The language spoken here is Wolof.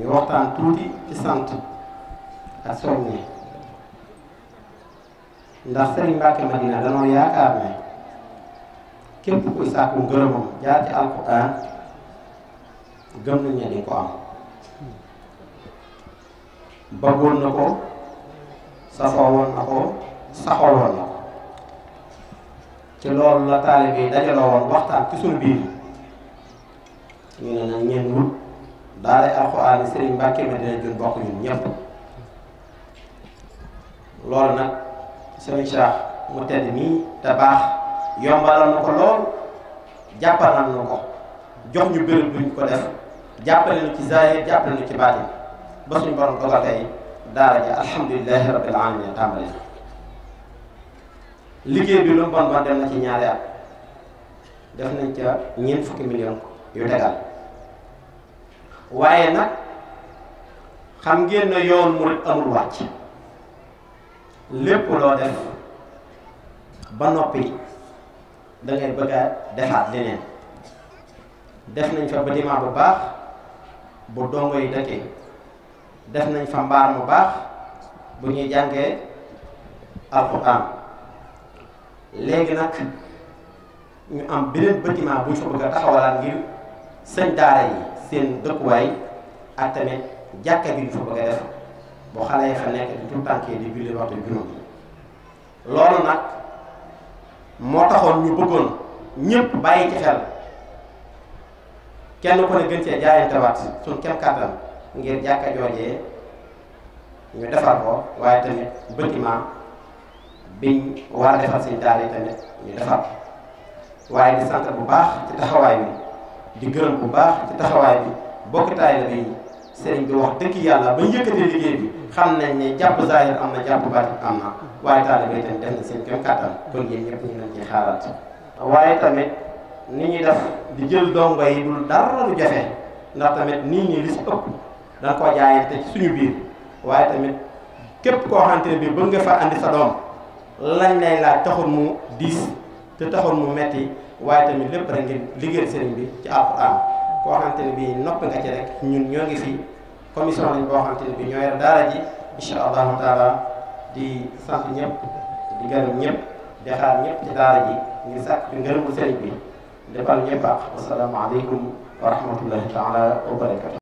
ñu waxtaan tuuti ci sant ak soññee ndax Serigne Mbacke Madina danoo yaakaar ne képp kuy sàkku ngërëmam jaar ci alquran gëm nañ ne di ko am bëggoon na ko safoo woon na ko saxoo na ko ci loolu la taalibe yi dajaloo woon waxtaan ci sunu biir ñu ne nag ñeen wut daal ay alxuraan Serigne Mbacke ma dina jun bokk ñun ñëpp loolu nag Serigne Cheikh mu tedd nii te baax yombalal na ko lool jàppalal na ko jox ñu béréb buñ ko def jàppale nu ci zaahir jàppale nu ci baatin ba suñu borom dogal tey daara ji alhamdulilahi rabbil alamin tàmbali liggéey bi lu mu bon bon na ci ñaar at def nañ ca ñeent fukki million yu tegal waaye nag xam ngeen ne yoon murid amul wàcc lépp loo def ba noppi da ngay bëgg a defaat def nañ fa bâtiment bu baax bu dongo yi dëkkee def nañ fa mbaar mu baax bu ñuy jàngee alxuraan léegi nag ñu am beneen bâtiment bu ñu fa bëgg a taxawalaat ngir sëñ daara yi seen dëkkuwaay ak tamit jàkka bi ñu fa bëgg def bu xale yi fa nekk di tout tànkee juróom loolu nag moo taxoon ñu bëggoon ñëpp bàyyi ci xel kenn ku ne gën cee jaayantewaat suñ kem kàttan ngir jàkka joojee ñu defar ko waaye tamit bâtiment biñ war a defar seen daal tamit ñu defar waaye di sant bu baax ci taxawaay bi di gërëm bu baax ci taxawaay bi bokk taalibe bi sëriñ bi wax dëgg yàlla ba yëkkatee liggéey bi xam nañ ni jàpp zaahir am na jàpp baatin am na waaye taalibe yi tamit def na seen kéem kàttan kon yéen ñëpp ñu leen ci xaaraat waaye tamit ni ñuy def di jël dongo yi dul dara lu jafe ndax tamit nii ñi li si ëpp dana ko jaayante ci suñu biir waaye tamit képp koo xamante ne bi ba nga fa andi sa doom lañ lay laaj taxul mu diis te taxoon mu metti waaye tamit lépp rek ngeen liggéeyal sëriñ bi ci alxuraan koo xamante ne bii noppi nga ci rek ñun ñoo ngi fi commission lañ koo xamante ne bii ñoo yor daara ji incha allahu taala di sant ñëpp di gërëm ñëpp di xaar ñëpp ci daara ji ngir sàkk ci ngërëmul sëriñ bi defal ñëpp ak wasalaamaaleykum wa rahmatullahi taala wa